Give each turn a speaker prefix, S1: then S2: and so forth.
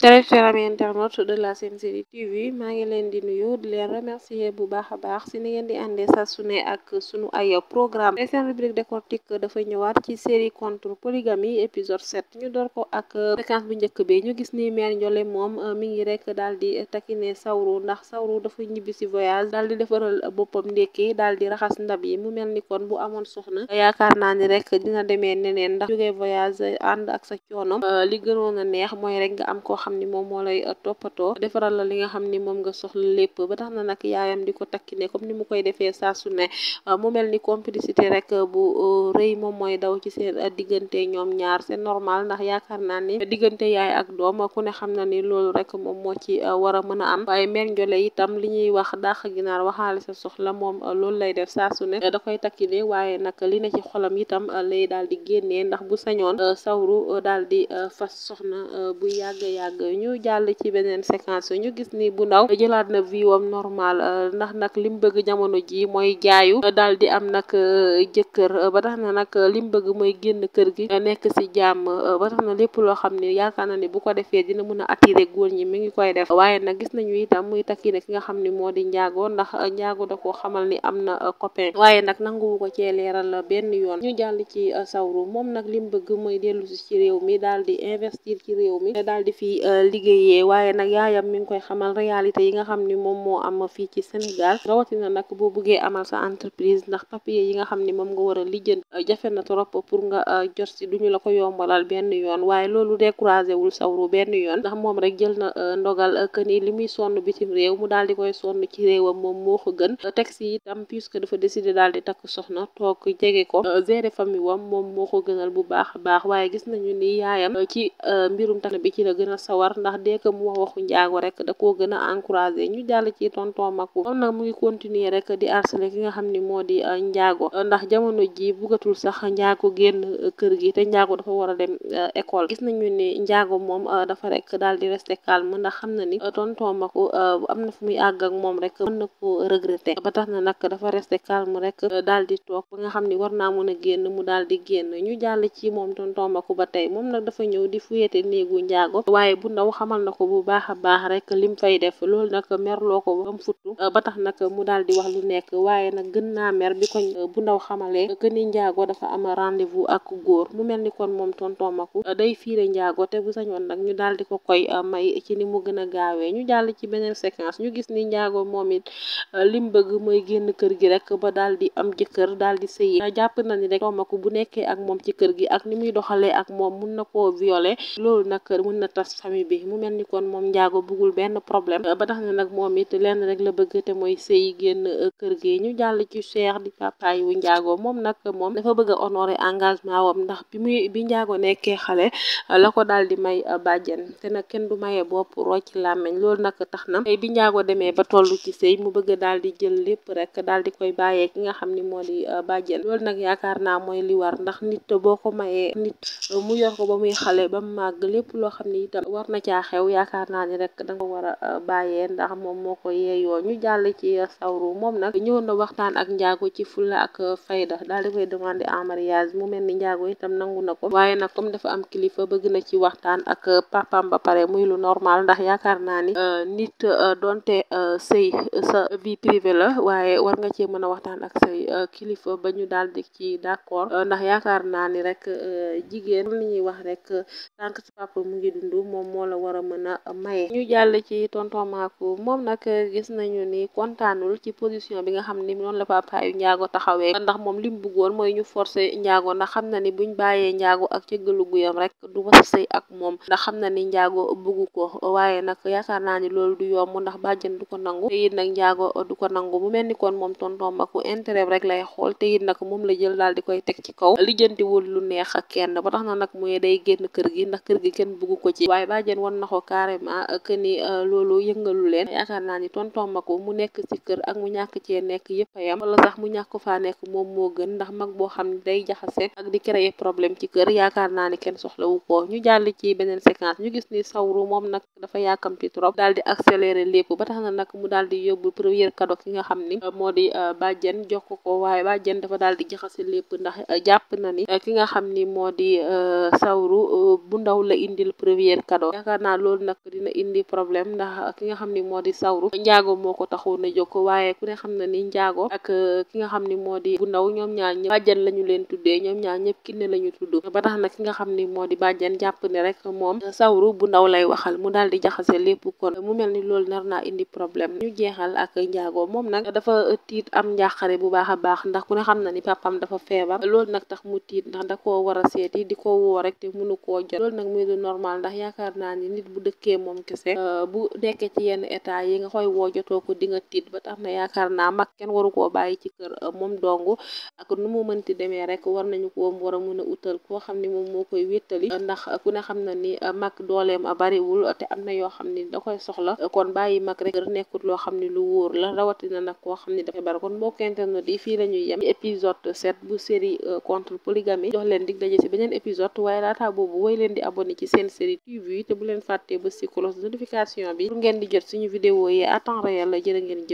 S1: Teleferam internet de la Sen Série TV maa ngi leen di nuyu di leen remercier bu baax a baax si ni ngeen di àndee sa sune ak sunu ay programme tey seen rubrique décortique dafa ñëwaat ci série contre polygamie épisode set ñu door ko ak séquence bu njëkk bi ñu gis ni mère Ndiolé moom euh, mi ngi rek daal di takkine Sawru ndax Sawru dafa ñibbi si voyage daal di defaral boppam ndékki daal di raxas ndab yi mu mel ni kon bu amoon soxna yaakaar naa ni rek dina demee neneen ndax voyage ànd ak sa coonom euh, li gënoon a neex mooy xam ni moom moo uh, li nga xam ni moom nga soxla lépp ba tax na nag yaayam ko takkine comme ni mu koy defee saa su ne uh, mu mel ni complicité rek uh, bu rëy moom mooy daw ci seen diggante ñoom ñaar c'est normal ndax yaakaar naa ni diggante yaay ak doom ku ne xam na ni loolu rek moom moo ci war a mën a am waaye mère Ndiolé itam li ñuy wax dàq ginaar waxaale sa soxla moom loolu lay def saa su ne da koy takkine waaye nag li ne ci xolam itam lay daal di génnee ndax bu sañoon sawru daal di fas soxna bu yàgg yàgg ñu jàll ci beneen séquence ñu gis ni bu ndaw jëlaat na viwam normal euh, ndax nag lim bëgg jamono ji mooy jaayu daal di am nag euh, jëkkër ba tax na nag euh, bëgg mooy génn kër gi nekk si jàmm ba na lépp loo xam ne yaakaar na ni bu ko defee dina mën a attirer góor ñi mu ngi koy def waaye nag gis nañu itam muy takki ne ki nga xam ni moo di njaago ndax njaago da koo xamal ni am na copain waaye nag nanguwu ko cee leeral benn yoon ñu jàll ci sawru moom nag lim bëgg mooy dellusi ci réew mi daal di investir ci réew mi Euh, liggéeyee waaye nag yaayam mi ngi koy xamal réalité yi nga xam ni moom moo am fii ci Sénégal rawatina nag boo buggee amal sa entreprise ndax papier yi nga xam ni moom nga war a jën euh, jafe na trop pour nga euh, jot si duñu la ko yombalal benn yoon waaye loolu découragé wul sawru benn yoon ndax moom rek jël na ndogal que ni li muy sonn bitim réew mu daal di koy sonn ci réewam moom moo ko gën tax yi itam puisque dafa décidé daal di takk soxna took jege ko gérer famille wam moom moo ko gënal bu baax baax waaye gis nañu ni yaayam ci mbirum takk bi ci la gën a saw war ndax dès que mu wax waxu njaago rek da koo gën a encouragé ñu jàll ci tonton Makou moom nag muy continuer rek di harceler ki nga xam ni moo di euh, njaago ndax jamono ji bëggatul sax njaago génn euh, kër gi te njaago dafa war a dem euh, école gis nañu ne njaago moom dafa rek daal di rester calme xam na ni tonton Makou am na fu muy àgg ak moom rek mën na ko regretter ba tax na nag dafa rester calme rek daal di toog ba nga xam ni war naa mën a génn mu daal di génn ñu jàll ci moom tonton ba tey moom nag dafa ñëw di fuyete néegu njaago waaye bu ndaw xamal na ko bu baax a baax rek lim fay def loolu nag merloo ko bam futtu ba tax nag mu daal di wax lu nekk waaye nag gën naa mer bi ko bu ndaw xamalee que ni njaago dafa am rendez-vous ak góor mu mel ni kon moom tonton Maku day fiire njaago te bu sañoon nag ñu daal di ko koy uh, may ci ni mu gën a gaawee ñu jàll ci beneen séquence ñu gis ni njaago moom it uh, lim bëgg mooy génn kër gi rek ba daal di am jëkkër daal di sëyi uh, jàpp na ni rek tonton bu nekkee ak moom ci kër gi ak ni muy doxalee ak moom mun na koo violer loolu nag famille bi mu mel ni kon moom njaago bëggul benn problème ba tax na nag moom it lenn rek la bëgg te mooy sëy génn euh, kër gi ñu jàll ci Cheikh di papaay wu njaago moom nag moom dafa bëgg a honorer engagement wam ndax bi muy bi njaago nekkee xale la ko daal di may euh, bàjjen te nag kenn du maye bopp rocc làmmeñ loolu nag tax na tey bi njaago demee ba toll ci sëy mu bëgg daal di jël lépp rek dal di koy bàyyee ki nga xam ni moo di euh, bàjjen lool nag yaakaar naa mooy li war ndax nit boo ko mayee nit mu yor ko ba muy xale ba mu lépp loo xam ni itam war ma caa xew yaakaar naa ni rek danga war a euh, ndax moom moo ko yeeyoo ñu jàll ci euh, sawru moom nag ñëwoon na waxtaan ak njaago ci fulla ak euh, fayda daal di koy demandé en mariage mu mel ni njaago itam nangu na ko waaye na comme dafa am kilifa bëgg na ci waxtaan ak papam ba pare muy lu normal ndax yaakaar naa ni nit donte sëy sa vie privée la waaye war nga cee mën a waxtaan ak say kilifa ba ñu daal di ci d'accord ndax yaakaar naa ni rek jigéen li ñuy wax rek moo la war a mën a maye. ñu jàll ci tonton Macou moom nag gis nañu ni kontaanul ci position bi nga xam ni noonu la papa yu njaago taxawee ndax moom li mu bëggoon mooy ñu forcé njaago ndax xam na ni buñ bàyyee njaago ak ci gëlu guyam rek du mas a ak moom xam na ni njaago bëggu ko waaye nag yaakaar naa ni loolu du yomb ndax bàjjen ko nangu te nag njaago du ko nangu mu mel ni kon moom tonton Macou intérêt rek lay xool te it nag moom la jël daal di koy teg ci kaw wul lu neex ak kenn ba tax na nag muy day génn kër gi ndax kër gi kenn bëggu ko ci waaye bàjjen wan na ko carrément que ni euh, loolu yëngalu leen yaakaar naa ni tonton Mako mu nekk ci kër ak mu ñàkk cee nekk yëpp a yam wala sax mu ñàkk faa nekk moom moo gën ndax mag boo xam ne day jaxase ak di créer problème ci kër yaakaar naa ni kenn soxlawu ko ñu jàll ci beneen séquence ñu gis ni sawru moom nag dafa yàkkamti trop daal di lépp ba tax na mu daal di yóbbu premier cadeau ni euh, moo di euh, bàjjen jox ko ko waaye bàjjen dafa daal di jaxase lépp ndax jàpp na ni ki nga xam ni moo di sawru bu ndaw la indil premier cadeau ndaw yaakaar naa loolu nag dina indi problème ndax ki nga xam ni moo di sawru njaago moo ko taxoon a jóg waaye ku ne xam na ni njaago ak euh, ki nga xam ni moo di ndaw ñoom ñaar ñëpp bàjjan la leen tuddee ñoom ñaar ñëpp kinne la ñu tudd ba tax na ki nga xam ni moo di bàjjan jàpp ne rek moom sawru bu ndaw lay waxal mu daal di jaxase lépp kon mu mel ni loolu nar naa indi problème ñu jeexal ak njaago moom nag dafa tiit am njàqare bu baax a baax ndax ku ne xam na ni papam dafa feebar loolu nag tax mu tiit ndax da koo war a seeti di ko woo rek te mënu koo jot loolu nag muy normal ndax yaakaar naa ni nit bu dëkkee moom kese euh, bu nekkee ci yenn état yi nga koy woo jotoo ko di nga tiit ba tax na yaakaar naa mag kenn waru koo bàyyi ci kër euh, moom dong ak nu mu mënti demee rek war nañu ko war a mun a utal koo xam ne moom moo koy wéttali euh, ndax ku ne xam na ni mag dooleem bariwul te am na yoo xam ni da koy soxla kon bàyyi mag rek nekkut loo xam ni lu wóor la rawatina nag koo xam ni dafa bar kon mbokk internet yi fii la ñuy yem épisode 7 bu série contre polygamie jox leen dig daje si beneen épisode waaye laataa boobu te bu leen fàttee ba si cloche notification bi pour ngeen di jot suñu vidéo yi à temps réel la jërë ngeen jë